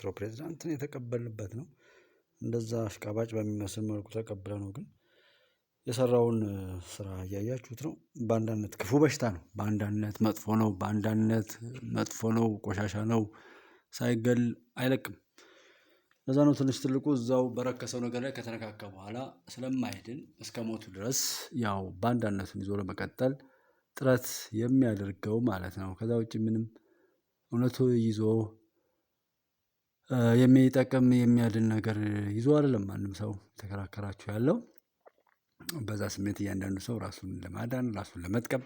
የኤርትራው ፕሬዝዳንትን የተቀበልንበት ነው። እንደዛ አሽቃባጭ በሚመስል መልኩ ተቀብለ ነው ግን የሰራውን ስራ እያያችሁት ነው። በአንዳንድነት ክፉ በሽታ ነው፣ በአንዳንድነት መጥፎ ነው፣ በአንዳንድነት መጥፎ ነው፣ ቆሻሻ ነው፣ ሳይገል አይለቅም። ለዛ ነው ትንሽ ትልቁ እዛው በረከሰው ነገር ላይ ከተነካካ በኋላ ስለማይድን እስከ ሞቱ ድረስ ያው በአንዳንድነቱን ይዞ ለመቀጠል ጥረት የሚያደርገው ማለት ነው። ከዛ ውጭ ምንም እውነቱ ይዞ የሚጠቅም የሚያድን ነገር ይዞ አይደለም ማንም ሰው ተከራከራችሁ ያለው በዛ ስሜት እያንዳንዱ ሰው ራሱን ለማዳን ራሱን ለመጥቀም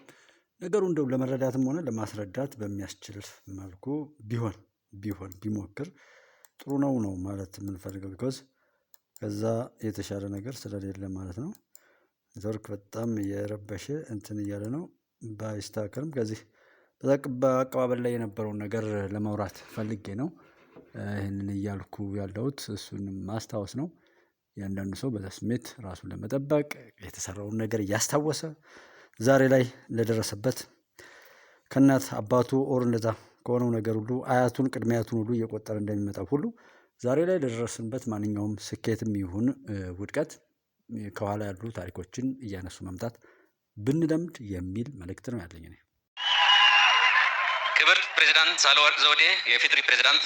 ነገሩ እንደው ለመረዳትም ሆነ ለማስረዳት በሚያስችል መልኩ ቢሆን ቢሆን ቢሞክር ጥሩ ነው ነው ማለት የምንፈልገው ቢኮዝ ከዛ የተሻለ ነገር ስለሌለ ማለት ነው። ኔትወርክ በጣም የረበሸ እንትን እያለ ነው ባይስተካከልም ከዚህ በአቀባበል ላይ የነበረውን ነገር ለማውራት ፈልጌ ነው ይህንን እያልኩ ያለሁት እሱንም ማስታወስ ነው። የአንዳንዱ ሰው በዛ ስሜት ራሱን ለመጠበቅ የተሰራውን ነገር እያስታወሰ ዛሬ ላይ ለደረሰበት ከእናት አባቱ ኦር እንደዛ ከሆነው ነገር ሁሉ አያቱን ቅድሚያቱን ሁሉ እየቆጠረ እንደሚመጣው ሁሉ ዛሬ ላይ ለደረስንበት ማንኛውም ስኬትም ይሁን ውድቀት ከኋላ ያሉ ታሪኮችን እያነሱ መምጣት ብንለምድ የሚል መልእክት ነው ያለኝ እኔ። ክብርት ሳህለወርቅ ዘውዴ የኢፌዴሪ ፕሬዚዳንት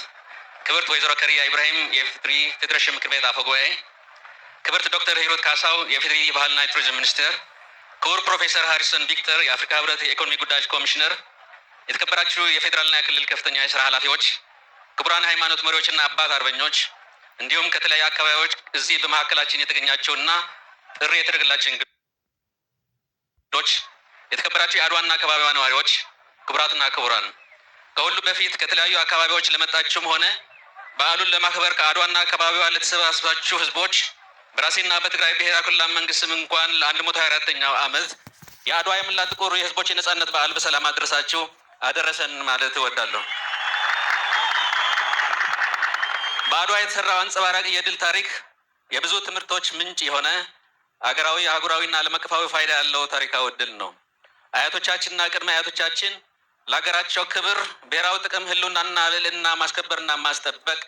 ክብርት ወይዘሮ ከሪያ ኢብራሂም የፍትሪ ፌዴሬሽን ምክር ቤት አፈ ጉባኤ፣ ክብርት ዶክተር ሂሩት ካሳው የፍትሪ ባህልና ቱሪዝም ሚኒስትር፣ ክቡር ፕሮፌሰር ሃሪሰን ቪክተር የአፍሪካ ህብረት የኢኮኖሚ ጉዳዮች ኮሚሽነር፣ የተከበራችሁ የፌዴራልና የክልል ከፍተኛ የስራ ኃላፊዎች፣ ክቡራን ሃይማኖት መሪዎችና አባት አርበኞች እንዲሁም ከተለያዩ አካባቢዎች እዚህ በመካከላችን የተገኛቸውና ጥሪ የተደረገላቸው እንግዶች፣ የተከበራችሁ የአድዋና አካባቢዋ ነዋሪዎች፣ ክቡራትና ክቡራን ከሁሉ በፊት ከተለያዩ አካባቢዎች ለመጣችሁም ሆነ በዓሉን ለማክበር ከአድዋና አካባቢዋ ለተሰባሰባችሁ ህዝቦች በራሴና በትግራይ ብሔራዊ ክልላዊ መንግስትም እንኳን ለአንድ መቶ ሀያ አራተኛው ዓመት የአድዋ የምላ ጥቁር የህዝቦች የነጻነት በዓል በሰላም አድረሳችሁ አደረሰን ማለት እወዳለሁ። በአድዋ የተሰራው አንጸባራቂ የድል ታሪክ የብዙ ትምህርቶች ምንጭ የሆነ አገራዊ፣ አህጉራዊና ዓለም አቀፋዊ ፋይዳ ያለው ታሪካዊ ድል ነው። አያቶቻችንና ቅድመ አያቶቻችን ለሀገራቸው ክብር፣ ብሔራዊ ጥቅም፣ ህልውናና ልዕልና ማስከበርና ማስጠበቅ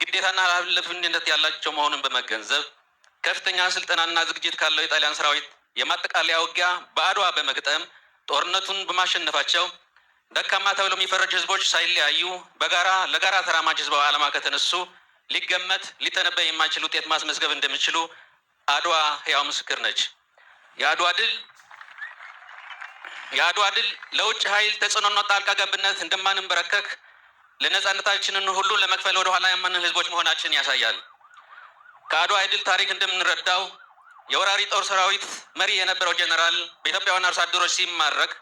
ግዴታና ኃላፊነት ያላቸው መሆኑን በመገንዘብ ከፍተኛ ስልጠናና ዝግጅት ካለው የጣሊያን ሰራዊት የማጠቃለያ ውጊያ በአድዋ በመግጠም ጦርነቱን በማሸነፋቸው ደካማ ተብሎ የሚፈረጅ ህዝቦች ሳይለያዩ በጋራ ለጋራ ተራማጅ ህዝባዊ ዓላማ ከተነሱ ሊገመት ሊተነበይ የማይችል ውጤት ማስመዝገብ እንደሚችሉ አድዋ ህያው ምስክር ነች። የአድዋ ድል የአድዋ ድል ለውጭ ኃይል ተጽዕኖና ጣልቃ ገብነት እንደማንንበረከክ ለነጻነታችንን ሁሉን ለመክፈል ወደ ኋላ ህዝቦች መሆናችን ያሳያል። ከአድዋ የድል ታሪክ እንደምንረዳው የወራሪ ጦር ሰራዊት መሪ የነበረው ጀኔራል በኢትዮጵያውያን አርሶ አደሮች ሲማረክ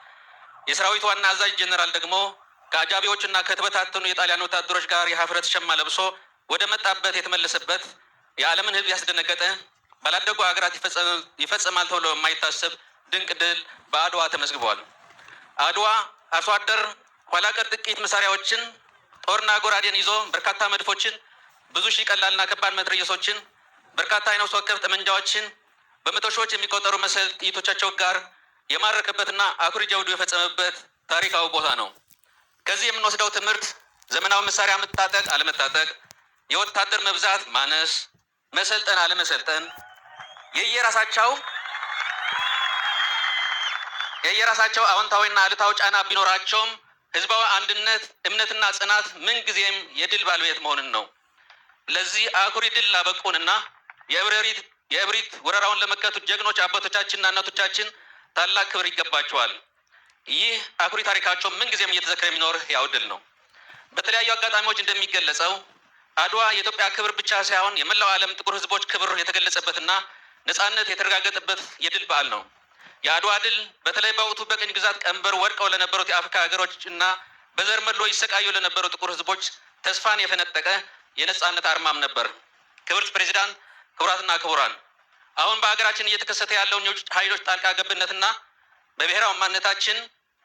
የሰራዊቱ ዋና አዛዥ ጀኔራል ደግሞ ከአጃቢዎችና ከተበታተኑ የጣሊያን ወታደሮች ጋር የሀፍረት ሸማ ለብሶ ወደ መጣበት የተመለሰበት የዓለምን ህዝብ ያስደነገጠ ባላደጉ ሀገራት ይፈጸማል ተብሎ የማይታሰብ ድንቅ ድል በአድዋ ተመዝግቧል። አድዋ አርሶ አደር ኋላ ጥቂት መሳሪያዎችን ጦርና ጎራዴን ይዞ በርካታ መድፎችን፣ ብዙ ሺህ ቀላልና ከባድ መትረየሶችን፣ በርካታ አይነ ወከፍ ጠመንጃዎችን በመቶ ሺዎች የሚቆጠሩ መሰል ጥይቶቻቸው ጋር የማረከበትና አኩሪ ጀብዱ የፈጸመበት ታሪካዊ ቦታ ነው። ከዚህ የምንወስደው ትምህርት ዘመናዊ መሳሪያ መታጠቅ አለመታጠቅ፣ የወታደር መብዛት ማነስ፣ መሰልጠን አለመሰልጠን የየራሳቸው የየራሳቸው አዎንታዊና አሉታዊ ጫና ቢኖራቸውም ህዝባዊ አንድነት፣ እምነትና ጽናት ምንጊዜም የድል ባለቤት መሆንን ነው። ለዚህ አኩሪ ድል ላበቁንና የእብሪት ወረራውን ለመከቱ ጀግኖች አባቶቻችንና እናቶቻችን ታላቅ ክብር ይገባቸዋል። ይህ አኩሪ ታሪካቸው ምንጊዜም እየተዘከረ የሚኖር ያው ድል ነው። በተለያዩ አጋጣሚዎች እንደሚገለጸው አድዋ የኢትዮጵያ ክብር ብቻ ሳይሆን የመላው ዓለም ጥቁር ህዝቦች ክብር የተገለጸበትና ነጻነት የተረጋገጠበት የድል በዓል ነው። የአድዋ ድል በተለይ በወቅቱ በቅኝ ግዛት ቀንበር ወድቀው ለነበሩት የአፍሪካ ሀገሮች እና በዘር መድሎ ይሰቃዩ ለነበሩ ጥቁር ህዝቦች ተስፋን የፈነጠቀ የነጻነት አርማም ነበር። ክብርት ፕሬዚዳንት፣ ክቡራትና ክቡራን አሁን በሀገራችን እየተከሰተ ያለውን የውጭ ኃይሎች ጣልቃ ገብነትና በብሔራዊ ማንነታችን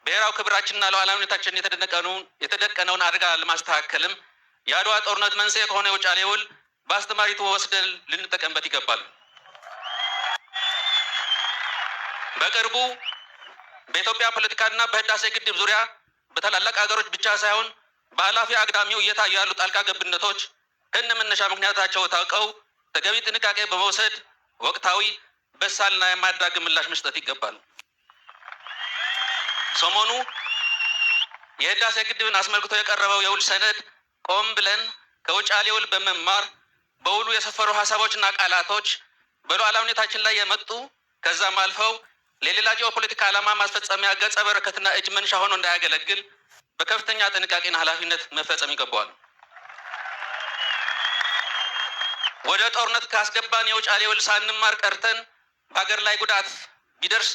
ብሔራዊ ክብራችንና ሉዓላዊነታችን የተደቀነውን አደጋ ለማስተካከልም የአድዋ ጦርነት መንስኤ ከሆነ የውጫሌ ውል በአስተማሪቱ ተወስደን ልንጠቀምበት ይገባል። በቅርቡ በኢትዮጵያ ፖለቲካና በህዳሴ ግድብ ዙሪያ በታላላቅ ሀገሮች ብቻ ሳይሆን በኃላፊ አግዳሚው እየታዩ ያሉ ጣልቃ ገብነቶች ከነ መነሻ ምክንያታቸው ታውቀው ተገቢ ጥንቃቄ በመውሰድ ወቅታዊ በሳልና የማያዳግም ምላሽ መስጠት ይገባል። ሰሞኑ የህዳሴ ግድብን አስመልክቶ የቀረበው የውል ሰነድ ቆም ብለን ከውጫሌ ውል በመማር በውሉ የሰፈሩ ሀሳቦችና ቃላቶች በሉዓላዊነታችን ላይ የመጡ ከዛም አልፈው ለሌላ ጂኦፖለቲካ ዓላማ ማስፈጸሚያ ገጸ በረከትና እጅ መንሻ ሆኖ እንዳያገለግል በከፍተኛ ጥንቃቄና ኃላፊነት መፈጸም ይገባዋል። ወደ ጦርነት ካስገባን የውጫሌ ውል ሳንማር ቀርተን በሀገር ላይ ጉዳት ቢደርስ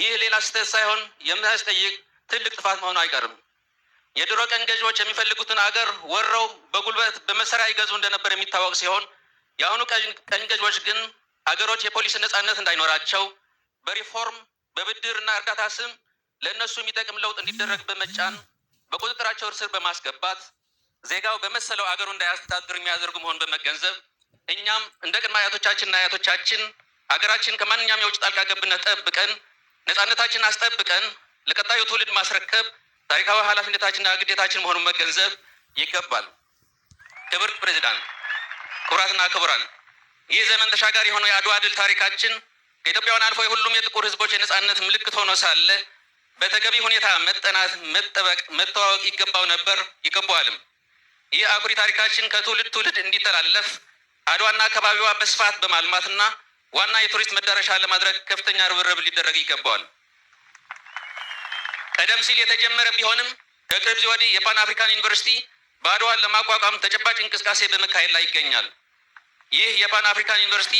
ይህ ሌላ ስህተት ሳይሆን የሚያስጠይቅ ትልቅ ጥፋት መሆኑ አይቀርም። የድሮ ቀኝ ገዢዎች የሚፈልጉትን አገር ወረው በጉልበት በመሳሪያ ይገዙ እንደነበር የሚታወቅ ሲሆን የአሁኑ ቀኝ ገዢዎች ግን አገሮች የፖሊስ ነጻነት እንዳይኖራቸው በሪፎርም በብድርና እርዳታ ስም ለእነሱ የሚጠቅም ለውጥ እንዲደረግ በመጫን በቁጥጥራቸው ስር በማስገባት ዜጋው በመሰለው አገሩ እንዳያስተዳድር የሚያደርጉ መሆን በመገንዘብ እኛም እንደ ቅድመ አያቶቻችንና አያቶቻችን አገራችን ከማንኛውም የውጭ ጣልቃ ገብነት ጠብቀን ነፃነታችን አስጠብቀን ለቀጣዩ ትውልድ ማስረከብ ታሪካዊ ኃላፊነታችንና ግዴታችን መሆኑን መገንዘብ ይገባል። ክብር ፕሬዚዳንት፣ ክቡራትና ክቡራን ይህ ዘመን ተሻጋሪ የሆነው የአድዋ ድል ታሪካችን ከኢትዮጵያውያን አልፎ የሁሉም የጥቁር ህዝቦች የነጻነት ምልክት ሆኖ ሳለ በተገቢ ሁኔታ መጠናት፣ መጠበቅ፣ መተዋወቅ ይገባው ነበር ይገባዋልም። ይህ አኩሪ ታሪካችን ከትውልድ ትውልድ እንዲተላለፍ አድዋና አካባቢዋ በስፋት በማልማትና ዋና የቱሪስት መዳረሻ ለማድረግ ከፍተኛ ርብርብ ሊደረግ ይገባዋል። ቀደም ሲል የተጀመረ ቢሆንም ከቅርብ ጊዜ ወዲህ የፓን አፍሪካን ዩኒቨርሲቲ በአድዋን ለማቋቋም ተጨባጭ እንቅስቃሴ በመካሄድ ላይ ይገኛል። ይህ የፓን አፍሪካን ዩኒቨርሲቲ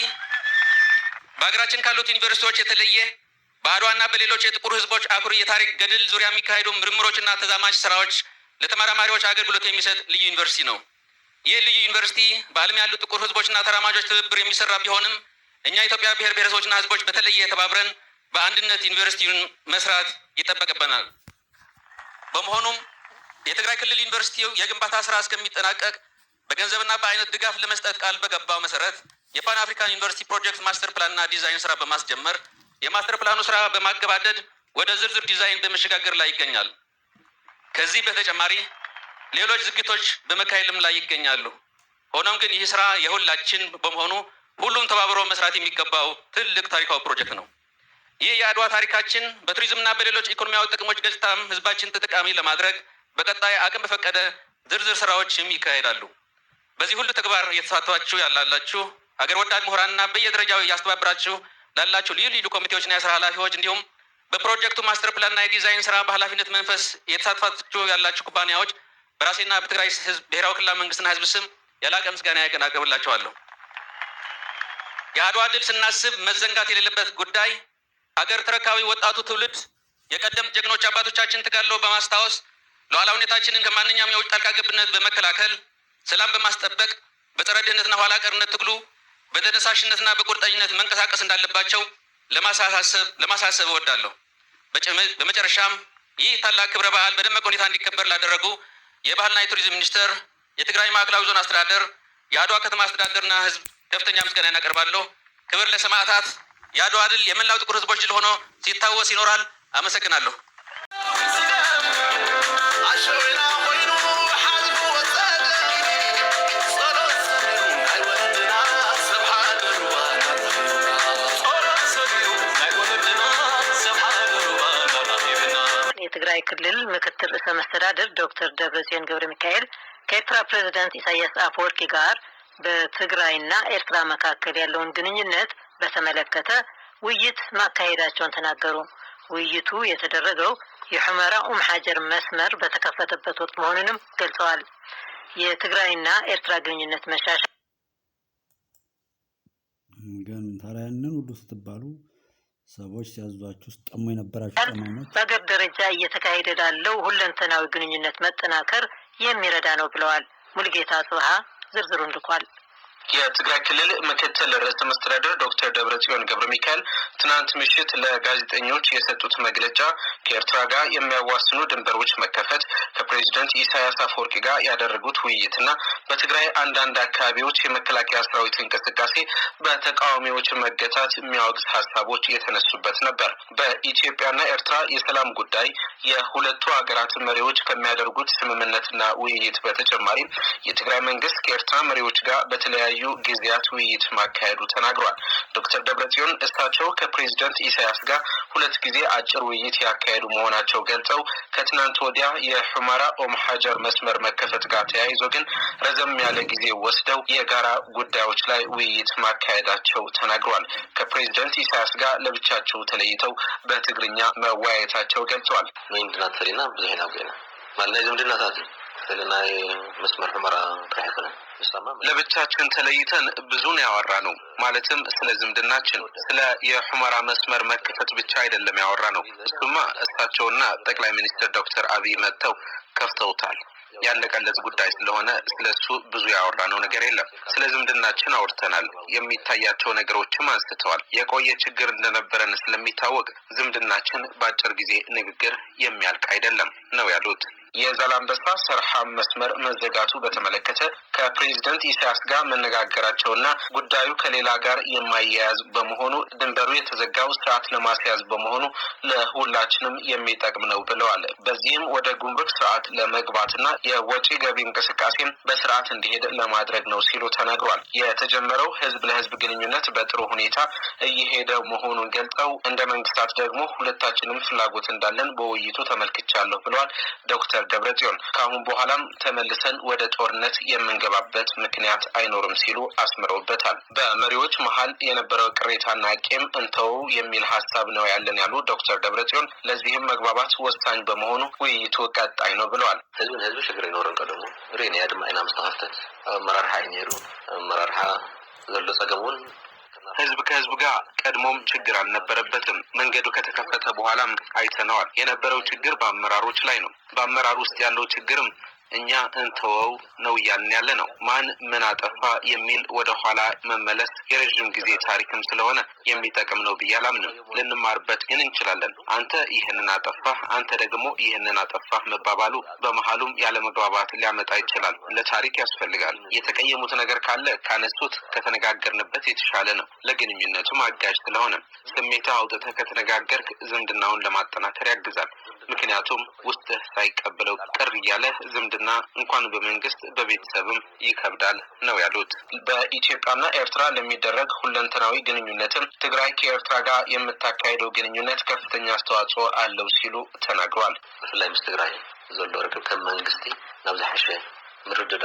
በሀገራችን ካሉት ዩኒቨርሲቲዎች የተለየ በአድዋና በሌሎች የጥቁር ህዝቦች አኩሪ የታሪክ ገድል ዙሪያ የሚካሄዱ ምርምሮችና ተዛማጅ ስራዎች ለተመራማሪዎች አገልግሎት የሚሰጥ ልዩ ዩኒቨርሲቲ ነው። ይህ ልዩ ዩኒቨርሲቲ በዓለም ያሉ ጥቁር ህዝቦችና ተራማጆች ትብብር የሚሰራ ቢሆንም እኛ ኢትዮጵያ ብሔር ብሔረሰቦችና ህዝቦች በተለየ ተባብረን በአንድነት ዩኒቨርሲቲውን መስራት ይጠበቅበናል። በመሆኑም የትግራይ ክልል ዩኒቨርሲቲው የግንባታ ስራ እስከሚጠናቀቅ በገንዘብና በአይነት ድጋፍ ለመስጠት ቃል በገባው መሰረት የፓን አፍሪካን ዩኒቨርሲቲ ፕሮጀክት ማስተር ፕላንና ዲዛይን ስራ በማስጀመር የማስተር ፕላኑ ስራ በማገባደድ ወደ ዝርዝር ዲዛይን በመሸጋገር ላይ ይገኛል። ከዚህ በተጨማሪ ሌሎች ዝግቶች በመካሄድም ላይ ይገኛሉ። ሆኖም ግን ይህ ስራ የሁላችን በመሆኑ ሁሉም ተባብሮ መስራት የሚገባው ትልቅ ታሪካዊ ፕሮጀክት ነው። ይህ የአድዋ ታሪካችን በቱሪዝምና በሌሎች ኢኮኖሚያዊ ጥቅሞች ገጽታም ህዝባችን ተጠቃሚ ለማድረግ በቀጣይ አቅም በፈቀደ ዝርዝር ስራዎችም ይካሄዳሉ። በዚህ ሁሉ ተግባር እየተሳተፋችሁ ያላላችሁ ሀገር ወዳድ ምሁራንና በየደረጃው እያስተባበራችሁ ላላችሁ ልዩ ልዩ ኮሚቴዎችና የስራ ኃላፊዎች እንዲሁም በፕሮጀክቱ ማስተር ፕላንና የዲዛይን ስራ በኃላፊነት መንፈስ የተሳትፋችሁ ያላችሁ ኩባንያዎች በራሴና በትግራይ ህዝብ ብሔራዊ ክልላዊ መንግስትና ህዝብ ስም የላቀ ምስጋና ያቀናቅርብላቸዋለሁ። የአድዋ ድል ስናስብ መዘንጋት የሌለበት ጉዳይ ሀገር ተረካቢ ወጣቱ ትውልድ የቀደምት ጀግኖች አባቶቻችን ተጋድሎ በማስታወስ ሉዓላዊነታችንን ከማንኛውም የውጭ ጣልቃ ገብነት በመከላከል ሰላም በማስጠበቅ በጸረ ድህነትና ኋላ ቀርነት ትግሉ በተነሳሽነትና በቁርጠኝነት መንቀሳቀስ እንዳለባቸው ለማሳሰብ ለማሳሰብ እወዳለሁ። በመጨረሻም ይህ ታላቅ ክብረ በዓል በደመቀ ሁኔታ እንዲከበር ላደረጉ የባህልና የቱሪዝም ሚኒስቴር፣ የትግራይ ማዕከላዊ ዞን አስተዳደር፣ የአድዋ ከተማ አስተዳደርና ህዝብ ከፍተኛ ምስጋና እናቀርባለሁ። ክብር ለሰማዕታት! የአድዋ ድል የመላው ጥቁር ህዝቦች ድል ሆኖ ሲታወስ ይኖራል። አመሰግናለሁ። የትግራይ ክልል ምክትል ርዕሰ መስተዳድር ዶክተር ደብረጽዮን ገብረ ሚካኤል ከኤርትራ ፕሬዚደንት ኢሳያስ አፈወርቂ ጋር በትግራይና ኤርትራ መካከል ያለውን ግንኙነት በተመለከተ ውይይት ማካሄዳቸውን ተናገሩ። ውይይቱ የተደረገው የሑመራ ኡም ሓጀር መስመር በተከፈተበት ወቅት መሆኑንም ገልጸዋል። የትግራይና ኤርትራ ግንኙነት መሻሻል ግን ታዲያ ያንን ሁሉ ስትባሉ ሰዎች ሲያዟችሁ ጠሞ የነበራችሁ ጠማሞች በገብ ደረጃ እየተካሄደ ላለው ሁለንተናዊ ግንኙነት መጠናከር የሚረዳ ነው ብለዋል። ሙልጌታ ጽብሃ ዝርዝሩን ልኳል። የትግራይ ክልል ምክትል ርዕሰ መስተዳደር ዶክተር ደብረ ጽዮን ገብረ ሚካኤል ትናንት ምሽት ለጋዜጠኞች የሰጡት መግለጫ ከኤርትራ ጋር የሚያዋስኑ ድንበሮች መከፈት ከፕሬዚደንት ኢሳያስ አፈወርቂ ጋር ያደረጉት ውይይትና በትግራይ አንዳንድ አካባቢዎች የመከላከያ ሰራዊት እንቅስቃሴ በተቃዋሚዎች መገታት የሚያወግዝ ሀሳቦች የተነሱበት ነበር። በኢትዮጵያና ኤርትራ የሰላም ጉዳይ የሁለቱ ሀገራት መሪዎች ከሚያደርጉት ስምምነትና ውይይት በተጨማሪ የትግራይ መንግስት ከኤርትራ መሪዎች ጋር በተለያዩ በተለያዩ ጊዜያት ውይይት ማካሄዱ ተናግሯል። ዶክተር ደብረጽዮን እሳቸው ከፕሬዚደንት ኢሳያስ ጋር ሁለት ጊዜ አጭር ውይይት ያካሄዱ መሆናቸው ገልጸው ከትናንት ወዲያ የሑመራ ኦም ሀጀር መስመር መከፈት ጋር ተያይዞ ግን ረዘም ያለ ጊዜ ወስደው የጋራ ጉዳዮች ላይ ውይይት ማካሄዳቸው ተናግሯል። ከፕሬዚደንት ኢሳያስ ጋር ለብቻቸው ተለይተው በትግርኛ መወያየታቸው ገልጸዋል። ለብቻችን ተለይተን ብዙን ያወራ ነው። ማለትም ስለ ዝምድናችን፣ ስለ የሑመራ መስመር መከፈት ብቻ አይደለም ያወራ ነው። እሱማ እሳቸውና ጠቅላይ ሚኒስትር ዶክተር አብይ መጥተው ከፍተውታል። ያለቀለት ጉዳይ ስለሆነ ስለ እሱ ብዙ ያወራነው ነገር የለም። ስለ ዝምድናችን አውርተናል። የሚታያቸው ነገሮችም አንስተዋል። የቆየ ችግር እንደነበረን ስለሚታወቅ ዝምድናችን በአጭር ጊዜ ንግግር የሚያልቅ አይደለም ነው ያሉት። የዛላንበሳ ሰርሃም መስመር መዘጋቱ በተመለከተ ከፕሬዚደንት ኢሳያስ ጋር መነጋገራቸውና ጉዳዩ ከሌላ ጋር የማያያዝ በመሆኑ ድንበሩ የተዘጋው ስርዓት ለማስያዝ በመሆኑ ለሁላችንም የሚጠቅም ነው ብለዋል። በዚህም ወደ ጉምሩክ ስርዓት ለመግባትና የወጪ ገቢ እንቅስቃሴም በስርዓት እንዲሄድ ለማድረግ ነው ሲሉ ተነግሯል። የተጀመረው ህዝብ ለህዝብ ግንኙነት በጥሩ ሁኔታ እየሄደ መሆኑን ገልጸው እንደ መንግስታት ደግሞ ሁለታችንም ፍላጎት እንዳለን በውይይቱ ተመልክቻለሁ ብለዋል ዶክተር ደብረ ጽዮን ከአሁን በኋላም ተመልሰን ወደ ጦርነት የምንገባበት ምክንያት አይኖርም ሲሉ አስምረውበታል። በመሪዎች መሀል የነበረው ቅሬታና ቂም እንተው የሚል ሀሳብ ነው ያለን ያሉ ዶክተር ጽዮን ለዚህም መግባባት ወሳኝ በመሆኑ ውይይቱ ቀጣይ ነው ብለዋል። ህዝብን ህዝብ ችግር ይኖረን ቀደሞ ሬን ያድማ አይና አመራርሓ ይኔሩ አመራርሓ ዘሎ ጸገሙን ህዝብ ከህዝብ ጋር ቀድሞም ችግር አልነበረበትም። መንገዱ ከተከፈተ በኋላም አይተነዋል። የነበረው ችግር በአመራሮች ላይ ነው። በአመራር ውስጥ ያለው ችግርም እኛ እንተወው ነው እያልን ያለ ነው። ማን ምን አጠፋ የሚል ወደኋላ መመለስ የረዥም ጊዜ ታሪክም ስለሆነ የሚጠቅም ነው ብዬ አላምንም። ልንማርበት ግን እንችላለን። አንተ ይህንን አጠፋህ፣ አንተ ደግሞ ይህንን አጠፋህ መባባሉ በመሀሉም ያለመግባባት ሊያመጣ ይችላል። ለታሪክ ያስፈልጋል። የተቀየሙት ነገር ካለ ካነሱት ከተነጋገርንበት የተሻለ ነው። ለግንኙነቱም አጋዥ ስለሆነ ስሜታ አውጥተህ ከተነጋገርክ ዝምድናውን ለማጠናከር ያግዛል። ምክንያቱም ውስጥህ ሳይቀበለው ቅር እያለ ዝምድ በግልና እንኳን በመንግስት በቤተሰብም ይከብዳል ነው ያሉት። በኢትዮጵያና ኤርትራ ለሚደረግ ሁለንተናዊ ግንኙነትም ትግራይ ከኤርትራ ጋር የምታካሄደው ግንኙነት ከፍተኛ አስተዋጽኦ አለው ሲሉ ተናግሯል። ብፍላይ ምስ ትግራይ ዘሎ ርክብ ከም መንግስቲ ናብዝሓሸ ምርድዳ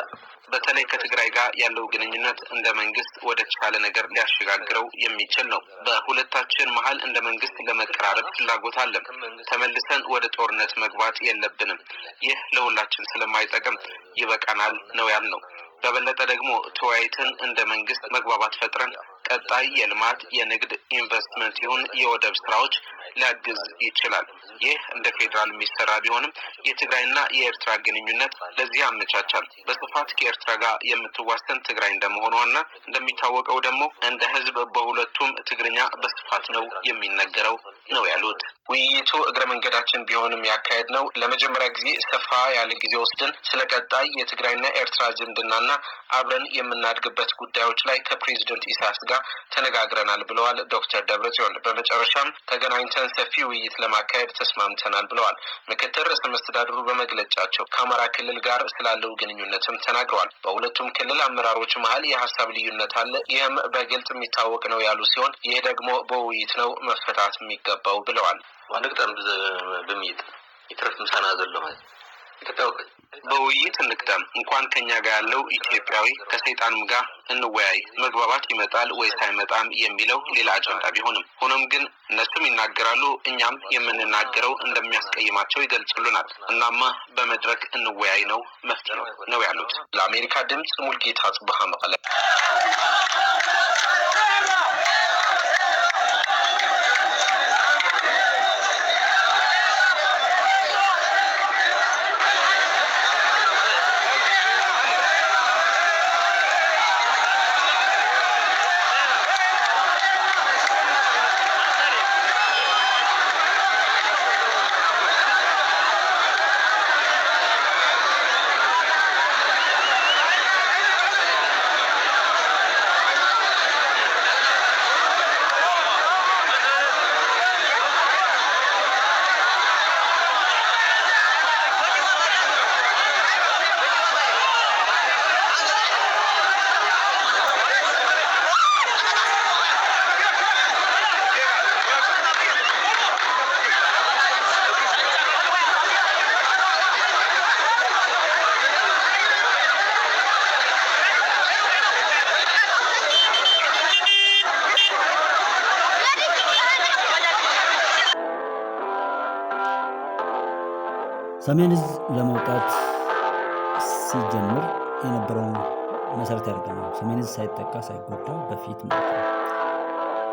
በተለይ ከትግራይ ጋር ያለው ግንኙነት እንደ መንግስት ወደ ተሻለ ነገር ሊያሸጋግረው የሚችል ነው። በሁለታችን መሀል እንደ መንግስት ለመቀራረብ ፍላጎት አለም። ተመልሰን ወደ ጦርነት መግባት የለብንም። ይህ ለሁላችን ስለማይጠቅም ይበቃናል ነው ያልነው። በበለጠ ደግሞ ተወያይተን እንደ መንግስት መግባባት ፈጥረን ቀጣይ የልማት የንግድ ኢንቨስትመንት ይሁን የወደብ ስራዎች ሊያግዝ ይችላል። ይህ እንደ ፌዴራል የሚሰራ ቢሆንም የትግራይና የኤርትራ ግንኙነት ለዚህ አመቻቻል በስፋት ከኤርትራ ጋር የምትዋሰን ትግራይ እንደመሆኗና እንደሚታወቀው ደግሞ እንደ ህዝብ በሁለቱም ትግርኛ በስፋት ነው የሚነገረው ነው ያሉት። ውይይቱ እግረ መንገዳችን ቢሆንም ያካሄድ ነው ለመጀመሪያ ጊዜ ሰፋ ያለ ጊዜ ወስድን ስለ ቀጣይ የትግራይና ኤርትራ ዝምድናና አብረን የምናድግበት ጉዳዮች ላይ ከፕሬዚደንት ኢሳያስ ጋር ተነጋግረናል ብለዋል ዶክተር ደብረ ጽዮን። በመጨረሻም ተገናኝተን ሰፊ ውይይት ለማካሄድ ተስማምተናል ብለዋል። ምክትል ርዕሰ መስተዳድሩ በመግለጫቸው ከአማራ ክልል ጋር ስላለው ግንኙነትም ተናግረዋል። በሁለቱም ክልል አመራሮች መሀል የሀሳብ ልዩነት አለ፣ ይህም በግልጽ የሚታወቅ ነው ያሉ ሲሆን ይህ ደግሞ በውይይት ነው መፈታት የሚገባው ብለዋል። ማለት ጠርዝ በሚይጥ የትረፍ ምሳና ዘሎ ማለት በውይይት እንቅደም። እንኳን ከኛ ጋር ያለው ኢትዮጵያዊ ከሰይጣንም ጋር እንወያይ። መግባባት ይመጣል ወይስ አይመጣም የሚለው ሌላ አጀንዳ ቢሆንም፣ ሆኖም ግን እነሱም ይናገራሉ፣ እኛም የምንናገረው እንደሚያስቀይማቸው ይገልጹልናል። እናማ በመድረክ እንወያይ ነው መፍትሄ ነው ያሉት። ለአሜሪካ ድምፅ ሙልጌታ ጽብሃ መቀለ ሰሜን እዝ ለመውጣት ሲጀምር የነበረውን መሰረት ያደርገ ነው። ሰሜን እዝ ሳይጠቃ ሳይጎዳ በፊት ማለት ነው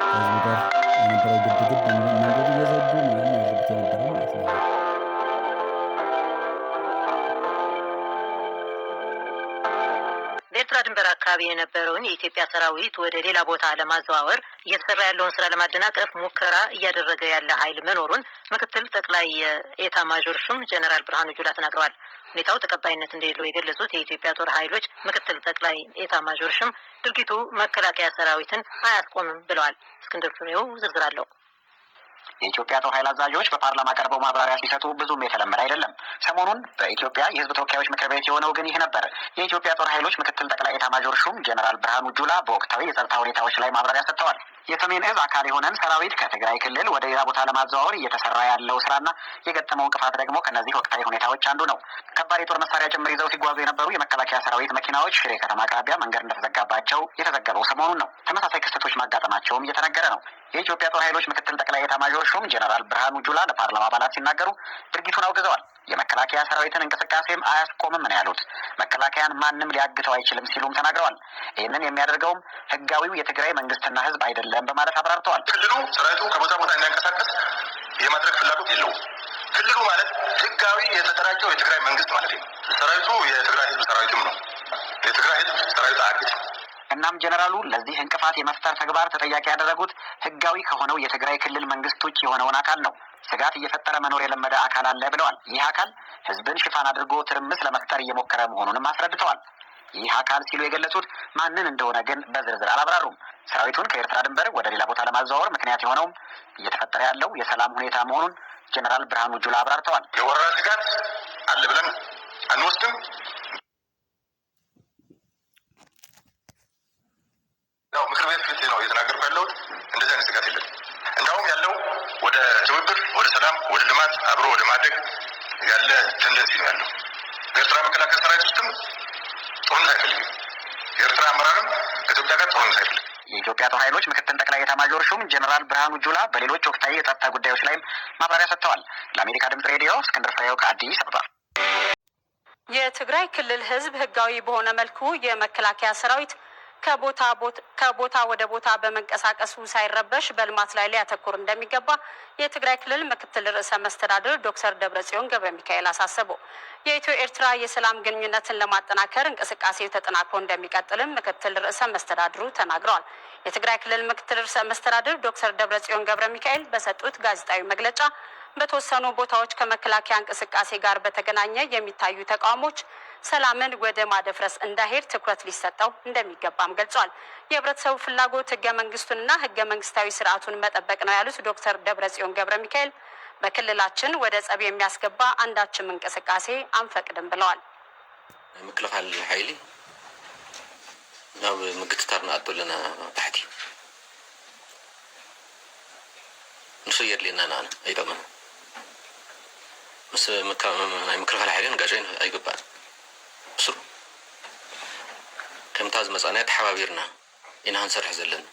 ከህዝቡ ጋር የነበረው ግድግድ መንገድ እየዘጉ ምናምን ያደርጉት የነበረ ማለት ነው። በኤርትራ ድንበር አካባቢ የነበረውን የኢትዮጵያ ሰራዊት ወደ ሌላ ቦታ ለማዘዋወር እየተሰራ ያለውን ስራ ለማደናቀፍ ሙከራ እያደረገ ያለ ኃይል መኖሩን ምክትል ጠቅላይ ኤታ ማዦር ሹም ጀነራል ብርሃኑ ጁላ ተናግረዋል። ሁኔታው ተቀባይነት እንደሌለው የገለጹት የኢትዮጵያ ጦር ኃይሎች ምክትል ጠቅላይ ኤታ ማዦር ሹም ድርጊቱ መከላከያ ሰራዊትን አያስቆምም ብለዋል። እስክንድር ፍሬው ዝርዝር አለው። የኢትዮጵያ ጦር ኃይል አዛዦች በፓርላማ ቀርበው ማብራሪያ ሲሰጡ ብዙም የተለመደ አይደለም። ሰሞኑን በኢትዮጵያ የሕዝብ ተወካዮች ምክር ቤት የሆነው ግን ይህ ነበር። የኢትዮጵያ ጦር ኃይሎች ምክትል ጠቅላይ ኤታማዦር ሹም ጀነራል ብርሃኑ ጁላ በወቅታዊ የጸጥታ ሁኔታዎች ላይ ማብራሪያ ሰጥተዋል። የተሜን እዝ አካል የሆነን ሰራዊት ከትግራይ ክልል ወደ ሌላ ቦታ ለማዘዋወር እየተሰራ ያለው ስራና የገጠመው እንቅፋት ደግሞ ከነዚህ ወቅታዊ ሁኔታዎች አንዱ ነው። ከባድ የጦር መሳሪያ ጭምር ይዘው ሲጓዙ የነበሩ የመከላከያ ሰራዊት መኪናዎች ሽሬ ከተማ አቅራቢያ መንገድ እንደተዘጋባቸው የተዘገበው ሰሞኑን ነው። ተመሳሳይ ክስተቶች ማጋጠማቸውም እየተነገረ ነው። የኢትዮጵያ ጦር ኃይሎች ምክትል ጠቅላይ ኤታማዦር ሹም ጀነራል ብርሃኑ ጁላ ለፓርላማ አባላት ሲናገሩ ድርጊቱን አውግዘዋል። የመከላከያ ሰራዊትን እንቅስቃሴም አያስቆምም ነው ያሉት። መከላከያን ማንም ሊያግተው አይችልም ሲሉም ተናግረዋል። ይህንን የሚያደርገውም ህጋዊው የትግራይ መንግስትና ህዝብ አይደለም በማለት አብራርተዋል። ክልሉ ሰራዊቱ ከቦታ ቦታ እንዳይንቀሳቀስ የማድረግ ፍላጎት የለውም። ክልሉ ማለት ህጋዊ የተደራጀው የትግራይ መንግስት ማለት ነው። ሰራዊቱ የትግራይ ህዝብ ሰራዊትም ነው። የትግራይ ህዝብ ሰራዊት አያግትም። እናም ጀነራሉ ለዚህ እንቅፋት የመፍጠር ተግባር ተጠያቂ ያደረጉት ህጋዊ ከሆነው የትግራይ ክልል መንግስት ውጭ የሆነውን አካል ነው። ስጋት እየፈጠረ መኖር የለመደ አካል አለ ብለዋል። ይህ አካል ህዝብን ሽፋን አድርጎ ትርምስ ለመፍጠር እየሞከረ መሆኑንም አስረድተዋል። ይህ አካል ሲሉ የገለጹት ማንን እንደሆነ ግን በዝርዝር አላብራሩም። ሰራዊቱን ከኤርትራ ድንበር ወደ ሌላ ቦታ ለማዘዋወር ምክንያት የሆነውም እየተፈጠረ ያለው የሰላም ሁኔታ መሆኑን ጀነራል ብርሃኑ ጁላ አብራርተዋል። የወረራ ስጋት አለ ብለን አንወስድም። ያው ምክር ቤት ፊት ነው እየተናገርኩ ያለሁት። እንደዚህ አይነት ስጋት የለም። እንዳውም ያለው ወደ ትብብር፣ ወደ ሰላም፣ ወደ ልማት አብሮ ወደ ማደግ ያለ ቴንደንሲ ነው ያለው። በኤርትራ መከላከል ሰራዊት ውስጥም ጦርነት አይፈልግም። የኤርትራ አመራርም ከኢትዮጵያ ጋር ጦርነት አይፈልግም። የኢትዮጵያ ጦር ኃይሎች ምክትል ጠቅላይ ኤታማዦር ሹም ጀኔራል ብርሃኑ ጁላ በሌሎች ወቅታዊ የጸጥታ ጉዳዮች ላይም ማብራሪያ ሰጥተዋል። ለአሜሪካ ድምጽ ሬዲዮ እስክንድር ፍሬው ከአዲስ አበባ። የትግራይ ክልል ህዝብ ህጋዊ በሆነ መልኩ የመከላከያ ሰራዊት ከቦታ ወደ ቦታ በመንቀሳቀሱ ሳይረበሽ በልማት ላይ ሊያተኩር እንደሚገባ የትግራይ ክልል ምክትል ርዕሰ መስተዳድር ዶክተር ደብረጽዮን ገብረ ሚካኤል አሳሰቡ። የኢትዮ ኤርትራ የሰላም ግንኙነትን ለማጠናከር እንቅስቃሴ ተጠናክሮ እንደሚቀጥልም ምክትል ርዕሰ መስተዳድሩ ተናግረዋል። የትግራይ ክልል ምክትል ርዕሰ መስተዳድር ዶክተር ደብረጽዮን ገብረ ሚካኤል በሰጡት ጋዜጣዊ መግለጫ በተወሰኑ ቦታዎች ከመከላከያ እንቅስቃሴ ጋር በተገናኘ የሚታዩ ተቃውሞች ሰላምን ወደ ማደፍረስ እንዳይሄድ ትኩረት ሊሰጠው እንደሚገባም ገልጿል። የህብረተሰቡ ፍላጎት ህገ መንግስቱንና ህገ መንግስታዊ ስርዓቱን መጠበቅ ነው ያሉት ዶክተር ደብረጽዮን ጌዲዮን ገብረ ሚካኤል በክልላችን ወደ ጸብ የሚያስገባ አንዳችም እንቅስቃሴ አንፈቅድም ብለዋል። ምክልኻል ሓይሊ ናብ ምግትታር ንኣቶለና ታሕቲ ንሱ የድልየና ንኣነ ኣይጠቅመን ምስ ናይ ምክልኻል ሓይሊ ንጋጭ ኣይግባእን ስሩ ከምታ ዝመፃናያ ተሓባቢርና ኢና ክንሰርሕ ዘለና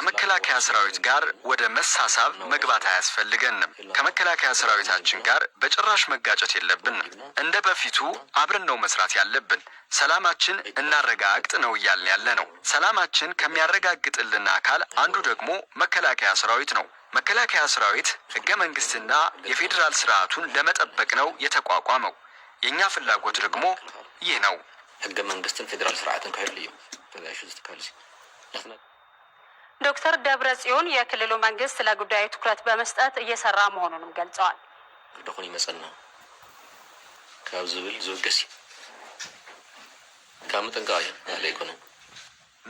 ከመከላከያ ሰራዊት ጋር ወደ መሳሳብ መግባት አያስፈልገንም። ከመከላከያ ሰራዊታችን ጋር በጭራሽ መጋጨት የለብንም። እንደ በፊቱ አብረን ነው መስራት ያለብን። ሰላማችን እናረጋግጥ ነው እያልን ያለ ነው። ሰላማችን ከሚያረጋግጥልን አካል አንዱ ደግሞ መከላከያ ሰራዊት ነው። መከላከያ ሰራዊት ህገ መንግስትና የፌዴራል ስርዓቱን ለመጠበቅ ነው የተቋቋመው። የእኛ ፍላጎት ደግሞ ይህ ነው። ህገ መንግስትን ፌዴራል ስርዓትን ዶክተር ደብረ ጽዮን የክልሉ መንግስት ለጉዳዩ ትኩረት በመስጠት እየሰራ መሆኑንም ገልጸዋል። ድኹን ይመፀና ካብ ዝብል ዝውገስ ካብ ያለ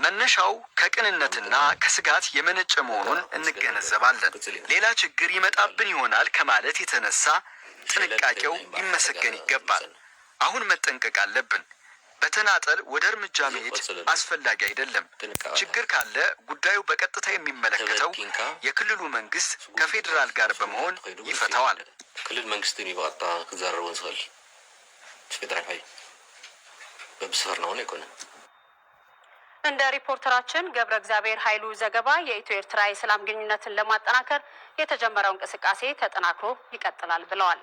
መነሻው ከቅንነትና ከስጋት የመነጨ መሆኑን እንገነዘባለን። ሌላ ችግር ይመጣብን ይሆናል ከማለት የተነሳ ጥንቃቄው ሊመሰገን ይገባል። አሁን መጠንቀቅ አለብን። በተናጠል ወደ እርምጃ መሄድ አስፈላጊ አይደለም። ችግር ካለ ጉዳዩ በቀጥታ የሚመለከተው የክልሉ መንግስት ከፌዴራል ጋር በመሆን ይፈተዋል። ክልል መንግስትን ይባጣ ክዛረበን ስል ፌዴራል በብስፈር ነውን ይኮነ እንደ ሪፖርተራችን ገብረ እግዚአብሔር ኃይሉ ዘገባ የኢትዮ ኤርትራ የሰላም ግንኙነትን ለማጠናከር የተጀመረው እንቅስቃሴ ተጠናክሮ ይቀጥላል ብለዋል።